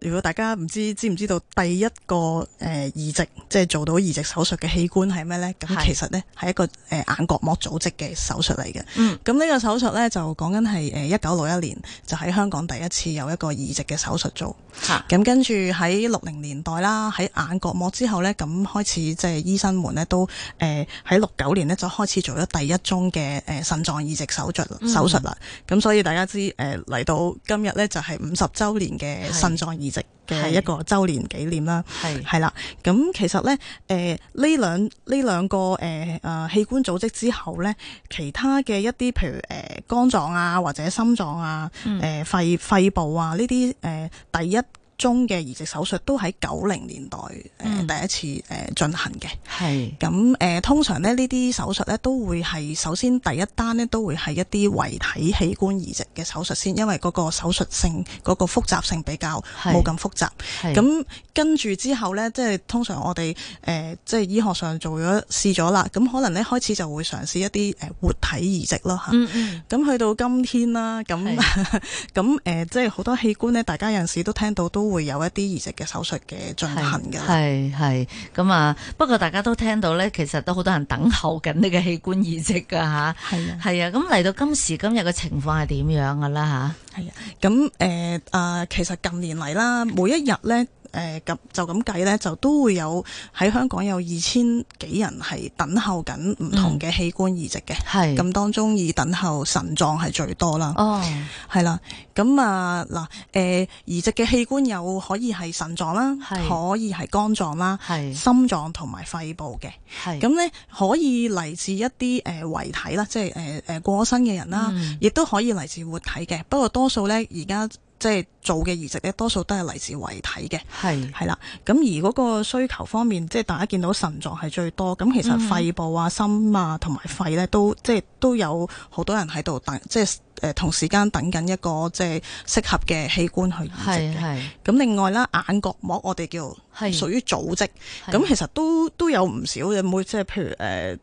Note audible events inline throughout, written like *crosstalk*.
如果大家唔知，知唔知道第一個誒移植，即係做到移植手術嘅器官係咩咧？咁其實咧，係一個誒眼角膜組織嘅手術嚟嘅。嗯。咁呢個手術咧，就講緊係誒一九六一年就喺香港第一次有一個移植嘅手術做。吓。咁跟住喺六零年代啦，喺眼角膜之後咧，咁開始即係醫生們咧都誒喺六九年咧就開始做咗第一宗嘅誒腎臟移植手術手術啦。咁所以大家知誒嚟到今日咧就係五十周年嘅腎臟移。係一個周年紀念啦，係啦是，咁其實咧，誒呢兩呢兩個誒誒、呃、器官組織之後咧，其他嘅一啲譬如誒、呃、肝臟啊或者心臟啊誒、呃、肺肺部啊呢啲誒第一中嘅移植手術都喺九零年代誒、嗯、第一次誒進行嘅，係咁誒通常咧呢啲手術咧都會係首先第一單咧都會係一啲遺體器官移植嘅手術先，因為嗰個手術性嗰、嗰個複雜性比較冇咁複雜，咁跟住之後咧即係通常我哋誒、呃、即係醫學上做咗試咗啦，咁可能咧開始就會嘗試一啲誒活體移植咯嚇，咁、嗯嗯、去到今天啦，咁咁誒即係好多器官咧，大家有陣時都聽到都。會有一啲移植嘅手術嘅進行噶，係係咁啊！不過大家都聽到咧，其實都好多人等候緊呢個器官移植噶吓，係啊係啊！咁嚟、啊啊、到今時今日嘅情況係點樣噶啦吓？係啊！咁誒啊、呃、啊，其實近年嚟啦，每一日咧。誒，咁，呃、就咁計咧，就都會有喺香港有二千幾人係等候緊唔同嘅器官移植嘅，咁，嗯，當中以等候腎臟係最多啦。哦，係啦，咁啊嗱，誒、呃，移植嘅器官又可以係腎臟啦，可以係肝臟啦，心臟同埋肺部嘅，咁咧是可以嚟自一啲誒遺體啦，即係誒誒過身嘅人啦，嗯，亦都可以嚟自活體嘅，不過多數咧而家。即係做嘅移植咧，多數都係嚟自遺體嘅，係係啦。咁而嗰個需求方面，即係大家見到腎臟係最多咁，其實肺部啊、心啊同埋肺咧都即係都有好多人喺度等，即係誒、呃、同時間等緊一個即係適合嘅器官去移植嘅。咁另外啦，眼角膜我哋叫做屬於組織，咁其實都都有唔少嘅，每即係譬如誒。呃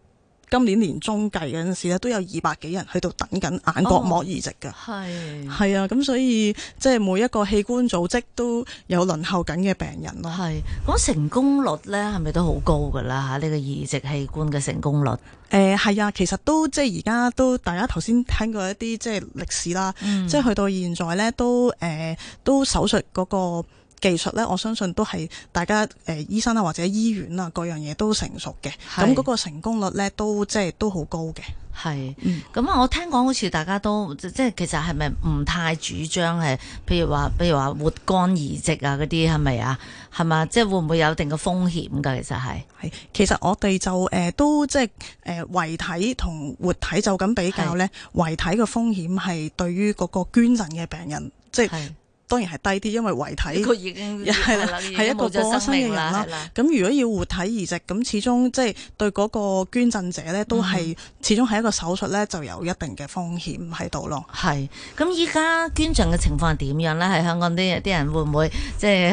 今年年中計嗰陣時咧，都有二百幾人喺度等緊眼角膜移植㗎，係係、哦、啊，咁所以即係每一個器官組織都有輪候緊嘅病人咯，係講、嗰個、成功率咧，係咪都好高㗎啦？嚇，呢個移植器官嘅成功率，誒係、呃、啊，其實都即係而家都大家頭先聽過一啲即係歷史啦，即係去、嗯、到現在咧都誒、呃、都手術嗰、嗰個。技術咧，我相信都係大家誒、呃、醫生啦，或者醫院啦，各樣嘢都成熟嘅。咁嗰個成功率咧，都即係都好高嘅。係，嗯，咁啊，我聽講好似大家都即係，其實係咪唔太主張係，譬如話譬如話活肝移植啊嗰啲，係咪啊？係嘛，即係會唔會有一定嘅風險噶？其實係係，其實我哋就誒、呃、都即係誒遺體同活體就咁比較咧，遺是體嘅風險係對於嗰個捐贈嘅病人，即係是。當然係低啲，因為遺體佢已經係啦，係是一個過身嘅人啦。咁的如果要活體移植，咁始終即係、就是、對嗰個捐贈者咧，都係始終係一個手術咧，就有一定嘅風險喺度咯。係、嗯，咁依家捐贈嘅情況係點樣咧？喺香港啲啲人會唔會即係、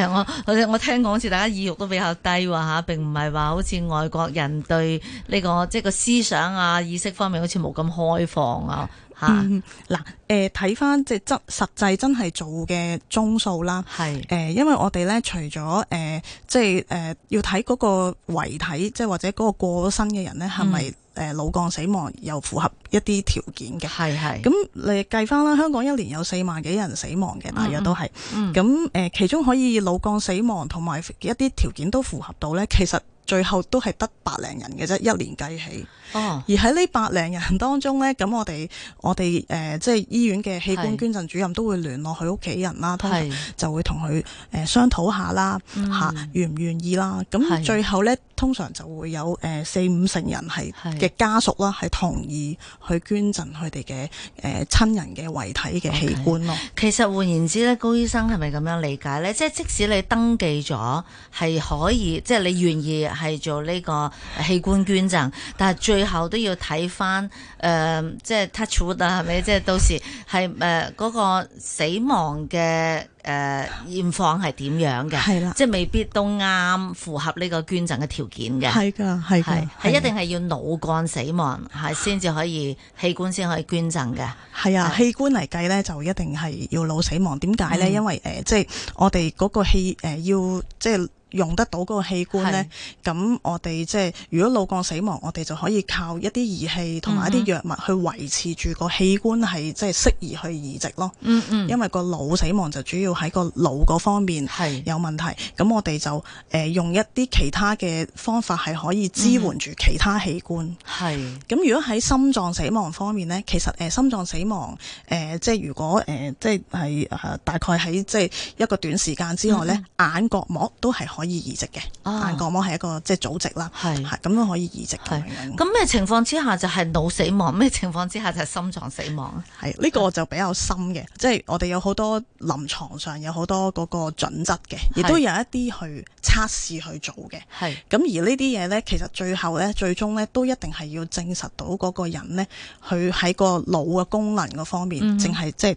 就是、我我聽講，好似大家意欲都比較低喎、啊、嚇？並唔係話好似外國人對呢、這個即係個思想啊意識方面好似冇咁開放啊？嗯，嗱、啊，誒睇翻即係真實際真係做嘅宗數啦，係是，誒、呃、因為我哋咧除咗誒、呃、即係誒、呃、要睇嗰個遺體，即係或者嗰個過咗身嘅人咧係咪誒腦幹死亡又符合一啲條件嘅？係係是，咁你計翻啦，香港一年有四萬幾人死亡嘅，大約都係，咁誒、嗯嗯呃、其中可以腦幹死亡同埋一啲條件都符合到咧，其實。最後都係得百零人嘅啫，一年計起。哦，而喺呢百零人當中呢，咁我哋我哋誒、呃、即係醫院嘅器官捐贈主任都會聯絡佢屋企人啦，通常是、啊、就會同佢誒商討下啦，嗯、下願唔願意啦。咁、啊、最後呢，通常就會有誒四五成人係嘅是 家屬啦，係同意去捐贈佢哋嘅誒親人嘅遺體嘅器官咯。Okay. 其實換言之呢，高醫生係咪咁樣理解呢？即係即使你登記咗，係可以，即係你願意。係做呢個器官捐贈，但係最後都要睇翻誒，即係 touch wood 啊，係咪？即係到時係誒嗰個死亡嘅誒現況係點樣嘅？係啦的，即係未必都啱符合呢個捐贈嘅條件嘅。係噶，係噶，係一定係要腦幹死亡係先至可以器官先可以捐贈嘅。係啊的，嗯、器官嚟計咧就一定係要腦死亡。點解咧？因為誒、呃，即係我哋嗰個器誒、呃、要即係。用得到嗰個器官咧，咁是我哋即係如果腦幹死亡，我哋就可以靠一啲儀器同埋一啲藥物去維持住個器官係即係適宜去移植咯。嗯嗯，因為個腦死亡就主要喺個腦嗰方面係有問題，咁是我哋就誒、呃、用一啲其他嘅方法係可以支援住其他器官。係咁、嗯嗯、如果喺心臟死亡方面咧，其實誒、呃、心臟死亡誒、呃、即係如果誒、呃、即係係、呃、大概喺即係一個短時間之內咧，嗯嗯嗯眼角膜都係。可。可以移植嘅，但角，啊，膜係一個即係組織啦，係咁樣可以移植。係咁咩情況之下就係腦死亡？咩情況之下就係心臟死亡？係呢、這個就比較深嘅，即、就、係、是、我哋有好多臨床上有好多嗰個準則嘅，亦都有一啲去測試去做嘅。係咁是而呢啲嘢咧，其實最後咧，最終咧都一定係要證實到嗰個人咧，佢喺個腦嘅功能個方面，淨係即係。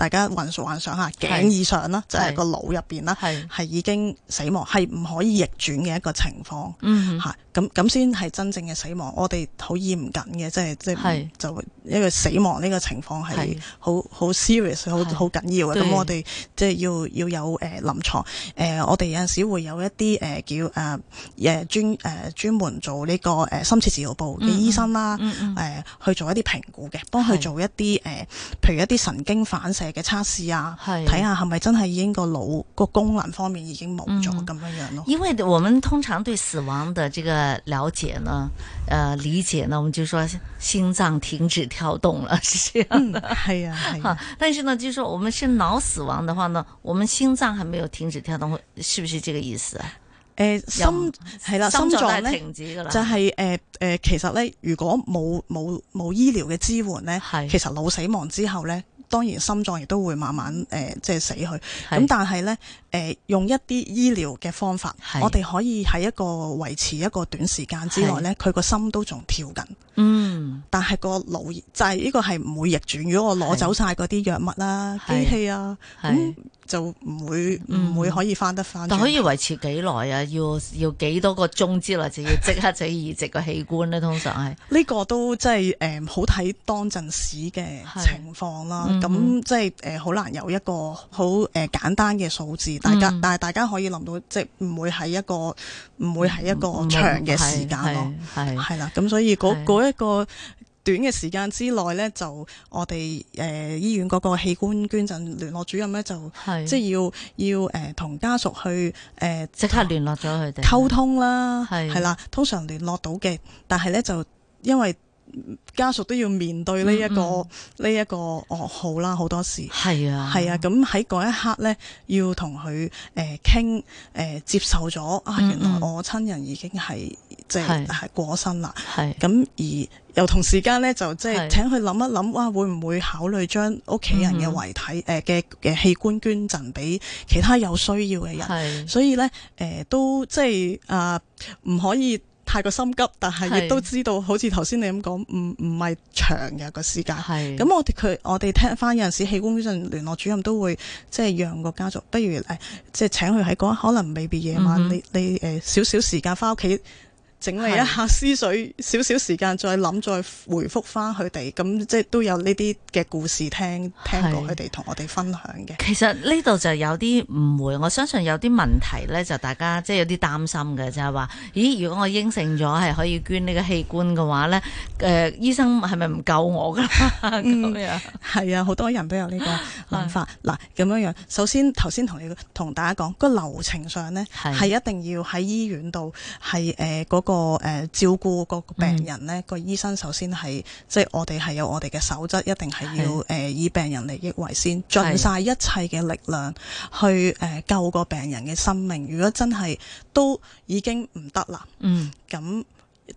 大家幻想下，想頸以上啦，係就係個腦入邊啦，係係已經死亡，係唔可以逆轉嘅一個情況，嚇、嗯。咁咁先係真正嘅死亡，我哋好嚴謹嘅，即係即係就因為死亡呢個情況係好好 serious 好好緊要嘅。咁我哋即係要要有誒臨床誒我哋有陣時會有一啲誒叫誒誒專誒專門做呢個誒深切治療部嘅醫生啦，誒去做一啲評估嘅，幫佢做一啲誒譬如一啲神經反射嘅測試啊，係睇下係咪真係已經個腦個功能方面已經冇咗咁樣樣咯。因為我們通常對死亡的這個。呃，了解呢，呃，理解呢，我們就說心臟停止跳動了，是這樣的，係、嗯、啊，哈、啊。是啊、但是呢，就說我們是腦死亡的話呢，我們心臟還沒有停止跳動，是不是這個意思、呃、心要啊？誒，心係啦，心臟停止噶啦，就係誒誒，其實呢，如果冇冇冇醫療嘅支援呢，係、啊，其實腦死亡之後呢，當然心臟亦都會慢慢誒即係死去，咁、呃呃呃、但係呢。誒用一啲醫療嘅方法，我哋可以喺一個維持一個短時間之內咧，佢個心都仲跳緊。嗯，但係個腦就係呢個係唔會逆轉。如果我攞走晒嗰啲藥物啦、機器啊，咁就唔會唔會可以翻得翻。但可以維持幾耐啊？要要幾多個鐘之內就要即刻就移植個器官咧？通常係呢個都即係誒好睇當陣時嘅情況啦。咁即係誒好難有一個好誒簡單嘅數字。大家，嗯、但係大家可以諗到，即係唔會係一個唔會係一個長嘅時間咯，係、嗯嗯、啦。咁所以嗰一個短嘅時間之內呢是就我哋誒、呃、醫院嗰個器官捐贈聯絡主任呢，就是即係要要誒同、呃、家屬去誒即、呃、刻聯絡咗佢哋溝通啦，係是啦，通常聯絡到嘅，但係呢就因為。家屬都要面對呢一個呢一個噩耗啦，好多時係啊，係啊，咁喺嗰一刻呢，要同佢誒傾誒接受咗啊，原來我親人已經係即係過身啦。係咁而又同時間呢，就即係請佢諗一諗，哇，會唔會考慮將屋企人嘅遺體誒嘅嘅器官捐贈俾其他有需要嘅人？所以呢，誒都即係啊，唔可以。太過心急，但係亦都知道，是好似頭先你咁講，唔唔係長嘅、嗰個時間。咁是我哋佢我哋聽翻有陣時，器官捐贈聯絡主任都會即係讓個家族，不如誒即係請佢喺嗰可能未必夜晚、嗯哼你，你你誒少少時間翻屋企。整理一下思緒，少少時間再諗，再回復翻佢哋。咁即係都有呢啲嘅故事聽聽過佢哋同我哋分享嘅。其實呢度就有啲誤會，我相信有啲問題咧，就大家即係有啲擔心嘅，就係、是、話、就是、咦，如果我應承咗係可以捐你個器官嘅話咧，誒、呃、醫生係咪唔救我㗎？咁 *laughs* 樣、嗯，係啊、 *laughs* 嗯，好多人都有呢個諗法。嗱的，咁樣樣，首先頭先同你同大家講、個流程上咧，係的一定要喺醫院度係誒個。個誒照顧個病人咧，個醫生首先係即係我哋係有我哋嘅守則，一定係要誒、呃、以病人利益為先，盡晒一切嘅力量去誒、呃、救個病人嘅生命。如果真係都已經唔得啦，嗯，咁。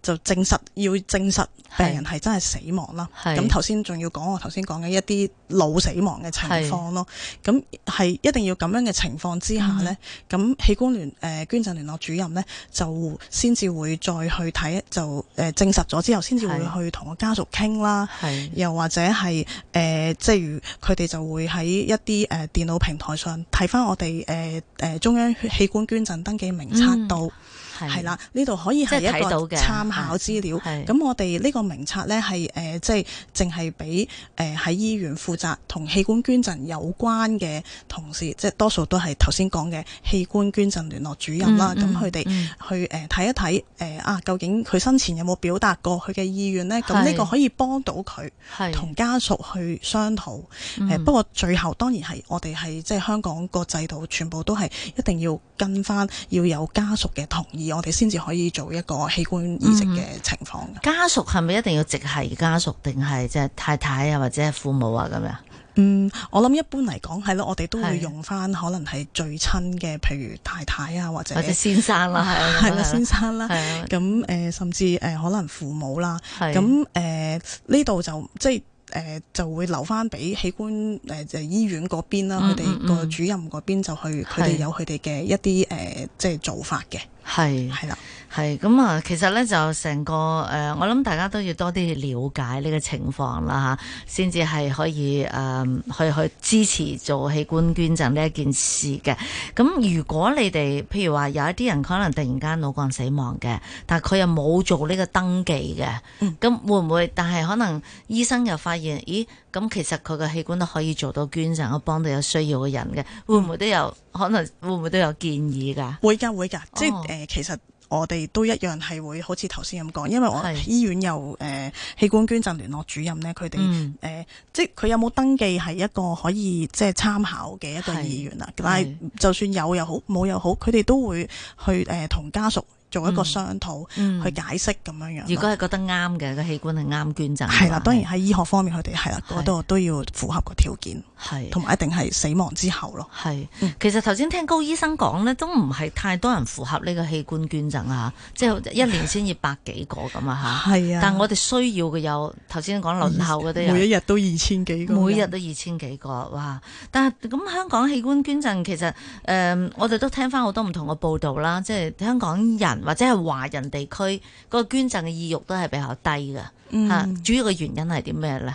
就證實要證實病人係真係死亡啦。咁頭先仲要講我頭先講嘅一啲腦死亡嘅情況咯。咁係是一定要咁樣嘅情況之下呢，咁是器官聯誒、呃、捐贈聯絡主任呢，就先至會再去睇，就誒證實咗之後，先至會去同個家屬傾啦。又或者係誒、呃，即係佢哋就會喺一啲誒、呃、電腦平台上睇翻我哋誒誒中央器官捐贈登記名冊度是。嗯。係啦，呢度可以係一個參考資料。咁我哋呢個名冊呢，係誒，即係淨係俾誒喺醫院負責同器官捐贈有關嘅同事，即係多數都係頭先講嘅器官捐贈聯絡主任啦。咁佢哋去誒睇、呃、一睇誒啊，究竟佢生前有冇表達過佢嘅意願呢？咁呢個可以幫到佢同家屬去商討。誒的、嗯呃、不過最後當然係我哋係即係香港個制度，全部都係一定要跟翻要有家屬嘅同意。我哋先至可以做一個器官移植嘅情況、嗯。家屬係咪一定要直系家屬，定係即係太太啊，或者係父母啊咁樣？嗯，我諗一般嚟講，係咯，我哋都會用翻可能係最親嘅，譬如太太啊，或者，或者先生啦、啊，係啦、啊的，先生啦、啊，咁誒的、呃，甚至誒可能父母啦、啊，咁誒呢度就即係誒就會留翻俾器官誒誒、呃、醫院嗰邊啦，佢哋個主任嗰邊、嗯嗯、就去，佢哋有佢哋嘅一啲誒即係做法嘅。係係啦，係咁啊，其實咧就成個誒、呃，我諗大家都要多啲了解呢個情況啦吓，先至係可以誒去去支持做器官捐贈呢一件事嘅。咁如果你哋譬如話有一啲人可能突然間腦幹死亡嘅，但係佢又冇做呢個登記嘅，咁、嗯、會唔會？但係可能醫生又發現，咦？咁其實佢嘅器官都可以做到捐贈，我幫到有需要嘅人嘅，會唔會都有？可能會唔會都有建議噶？會噶會噶，即係誒，其實我哋都一樣係會好似頭先咁講，因為我醫院有誒是、呃、器官捐贈聯絡主任咧，佢哋誒即佢有冇登記係一個可以即係參考嘅一個意願啦。是但係就算有又好，冇又好，佢哋都會去誒同、呃、家屬。做一個商討、嗯、去解釋咁樣樣，如果係覺得啱嘅，個器官係啱捐贈，係啦、啊。當然喺醫學方面，佢哋係啦，嗰度是都要符合個條件，係是，同埋一定係死亡之後咯。係、嗯，其實頭先聽高醫生講咧，都唔係太多人符合呢個器官捐贈啊，即係一年先、啊 *laughs* 啊、要百幾個咁啊嚇。係啊，但係我哋需要嘅有頭先講輪候嗰啲每一日都二千幾個，每日都二千幾個，哇！但係咁香港器官捐贈其實誒、呃，我哋都聽翻好多唔同嘅報道啦，即係香港人。或者係華人地區嗰個捐贈嘅意欲都係比較低嘅，嚇主要嘅原因係啲咩咧？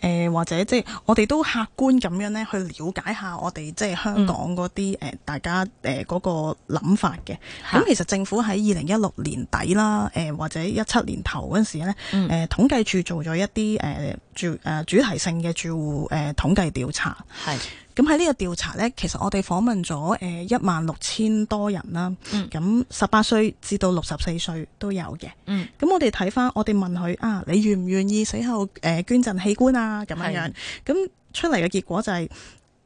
誒或者即係我哋都客觀咁樣咧去了解下我哋即係香港嗰啲誒大家誒嗰個諗法嘅。咁、嗯、其實政府喺二零一六年底啦，誒或者一七年頭嗰陣時咧，誒統計處做咗一啲誒。呃住誒主、呃、主題性嘅住戶誒、呃、統計調查，係咁喺呢個調查咧，其實我哋訪問咗誒一萬六千多人啦，咁十八歲至到六十四歲都有嘅，咁、嗯、我哋睇返，我哋問佢啊，你願唔願意死後誒、呃、捐贈器官啊咁樣，咁是出嚟嘅結果就係、是、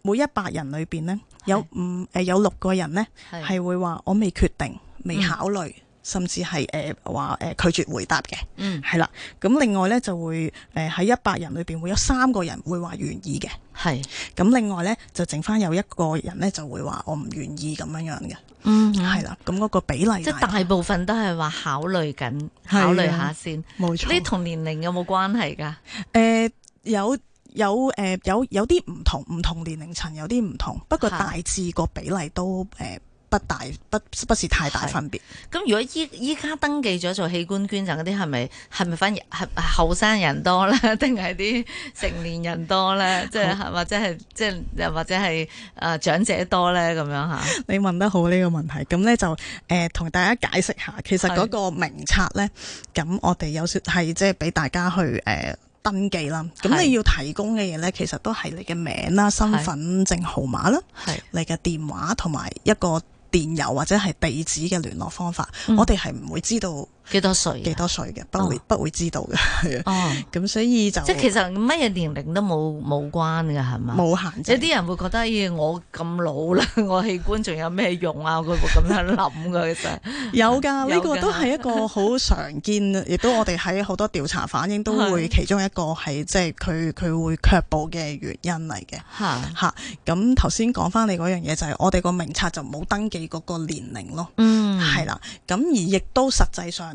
每一百人裏邊咧，有五誒、呃、有六個人咧係是是會話我未決定，未考慮。嗯甚至係誒話誒拒絕回答嘅，嗯，係啦。咁另外咧就會誒喺一百人裏邊會有三個人會話願意嘅，係。咁另外咧就剩翻有一個人咧就會話我唔願意咁樣樣嘅，嗯，嗯，係啦。咁嗰個比例、就係、即係大部分都係話考慮緊，考慮下先。冇錯。呢同年齡有冇關係㗎？誒、呃、有有誒、呃、有有啲唔同，唔同年齡層有啲唔同。不過大致個比例都誒。呃的不大不不，是太大分別。咁如果依依家登記咗做器官捐贈嗰啲，係咪係咪反而係後生人多咧，定係啲成年人多咧？即係、 *laughs* 就是、或者係即係又或者係啊、呃、長者多咧？咁樣嚇？你問得好，呢個問題。咁咧就誒同、呃、大家解釋下，其實嗰個名冊咧，咁是我哋有少係即係俾大家去誒、呃、登記啦。咁你要提供嘅嘢咧，其實都係你嘅名啦、身份證號碼啦、係你嘅電話同埋一個。電郵或者係地址嘅聯絡方法，嗯、我哋係唔會知道。幾多歲？幾多歲嘅，不會不會知道嘅。哦，咁所以就即係其實乜嘢年齡都冇冇關嘅，係嘛？冇限。即係有啲人會覺得咦，我咁老啦，我器官仲有咩用啊？佢會咁樣諗噶，其實有噶。呢個都係一個好常見，亦都我哋喺好多調查反映都會其中一個係即係佢佢會卻步嘅原因嚟嘅。吓吓，咁頭先講翻你嗰樣嘢就係我哋個名冊就冇登記嗰個年齡咯。嗯，係啦。咁而亦都實際上。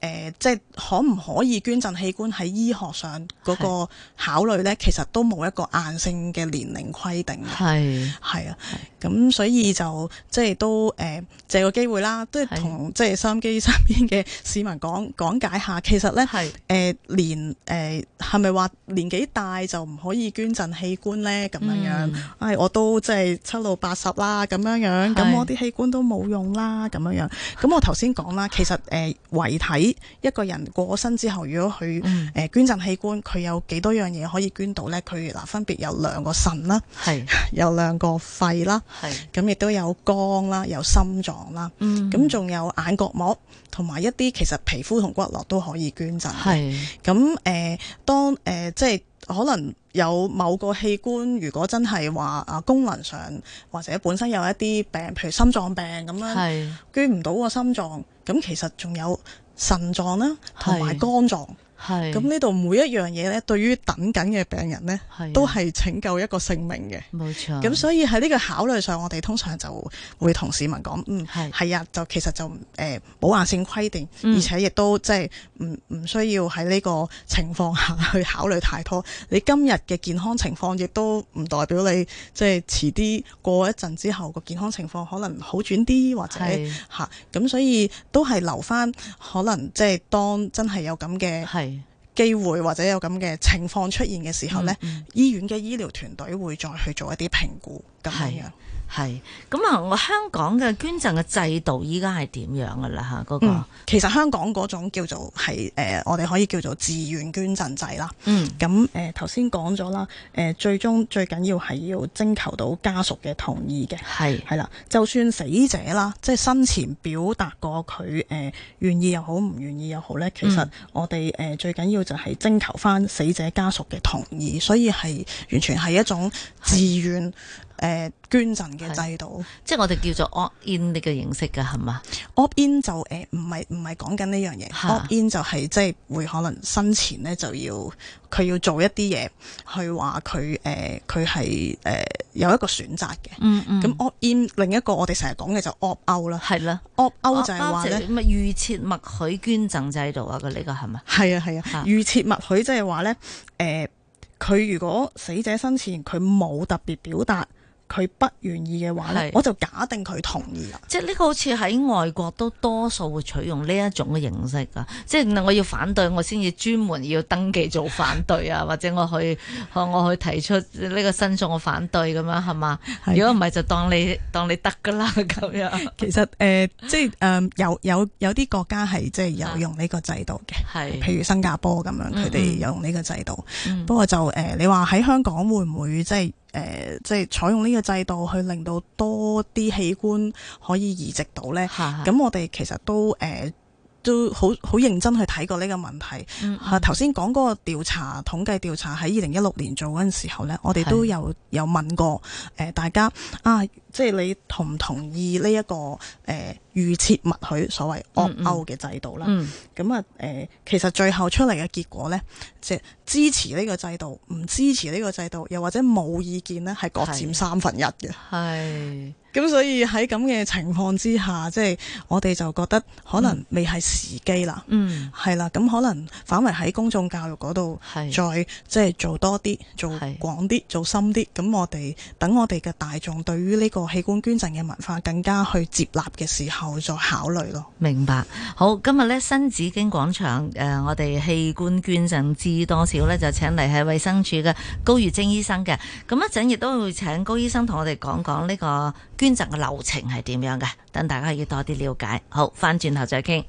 誒，即係可唔可以捐贈器官喺醫學上嗰個考慮呢？其實都冇一個硬性嘅年齡規定嘅。係係啊，咁所以就即係都誒，借個機會啦，都係同即係收音機身邊嘅市民講講解下，其實呢誒年誒係咪話年紀大就唔可以捐贈器官呢？咁樣，嗯、樣，誒係我都即係七老八十啦，咁樣樣，咁我啲器官都冇用啦，咁樣樣。咁我頭先講啦，其實誒遺體。一個人過身之後，如果佢誒捐贈器官，佢、嗯、有幾多樣嘢，可以捐到呢？佢嗱分別有兩個腎啦，係是有兩個肺啦，係咁亦都有肝啦，有心臟啦，咁仲、嗯、有眼角膜，同埋一啲其實皮膚同骨骼都可以捐贈嘅。咁誒是、呃，當誒、呃、即係可能有某個器官，如果真係話啊功能上或者本身有一啲病，譬如心臟病咁樣捐，捐唔到個心臟，咁其實仲有。腎臟啦，同埋肝臟。係，咁呢度每一樣嘢咧，對於等緊嘅病人咧，啊、都係拯救一個性命嘅。冇錯錯。咁所以喺呢個考慮上，我哋通常就會同市民講，嗯，係啊，就其實就誒冇硬性規定，而且亦都即係唔唔需要喺呢個情況下去考慮太多。嗯、你今日嘅健康情況，亦都唔代表你即係遲啲過一陣之後、個健康情況可能好轉啲或者吓，咁是、啊、所以都係留翻可能即係當真係有咁嘅。機會或者有咁嘅情況出現嘅時候呢、嗯嗯、醫院嘅醫療團隊會再去做一啲評估咁樣。係咁啊！我、那個、香港嘅捐贈嘅制度依家係點樣噶啦吓？嗰個、嗯、其實香港嗰種叫做係誒、呃，我哋可以叫做自願捐贈制啦。嗯。咁誒，頭先講咗啦，誒、呃，最終最緊要係要徵求到家屬嘅同意嘅。係係是啦，就算死者啦，即係生前表達過佢誒願意又好，唔、呃、願意又好咧，好嗯、其實我哋誒、呃、最緊要就係徵求翻死者家屬嘅同意，所以係完全係一種自願。是是誒，捐贈嘅制度，即係我哋叫做 opt-in 呢個形式噶，係嘛 opt-in 就誒，唔係唔係講緊呢樣嘢 opt-in 就係、是、即係會可能生前咧就要佢要做一啲嘢，去話佢誒，佢係誒有一個選擇嘅。嗯嗯。咁 opt-in 另一個我哋成日講嘅就 opt-out 啦，係啦，opt-out 就係話咧，咁啊，預設默許捐贈制度啊，佢呢個係咪？係啊係啊，預設默許即係話咧，誒，佢如果死者生前佢冇特別表達。佢不願意嘅話，是我就假定佢同意啦。即係呢個好似喺外國都多數會取用呢一種嘅形式㗎。即係我要反對，我先至專門要登記做反對啊， *laughs* 或者我去我我去提出呢個申訴我反對咁樣係嘛？如果唔係就當你當你得㗎啦咁樣。其實誒、呃，即係誒、呃、有有有啲國家係即係有用呢個制度嘅，係是譬如新加坡咁樣，佢哋、嗯、有用呢個制度。嗯、不過就誒、呃，你話喺香港會唔會即係？誒、呃，即係採用呢個制度去令到多啲器官可以移植到呢？咁 *noise* 我哋其實都誒、呃，都好好認真去睇過呢個問題。嚇頭先講嗰個調查統計調查喺二零一六年做嗰陣時候呢，我哋都有 *noise* 有問過誒、呃、大家啊，即係你同唔同意呢、這、一個誒？呃預設默許所謂 opt-out 嘅制度啦，咁啊誒，其實最後出嚟嘅結果呢，即、就是、支持呢個制度、唔支持呢個制度，又或者冇意見呢，係各佔三分一嘅。係。咁所以喺咁嘅情況之下，即、就、係、是、我哋就覺得可能未係時機啦、嗯。嗯，係啦，咁可能反為喺公眾教育嗰度是，再即係、就是、做多啲、做廣啲、是做深啲。咁我哋等我哋嘅大眾對於呢個器官捐贈嘅文化更加去接納嘅時候。我再考慮咯，明白。好，今日咧新紫荊廣場，誒、呃，我哋器官捐贈知多少咧？就請嚟係衛生署嘅高月晶醫生嘅。咁一陣亦都會請高醫生同我哋講講呢個捐贈嘅流程係點樣嘅，等大家可以多啲了解。好，翻轉頭再傾。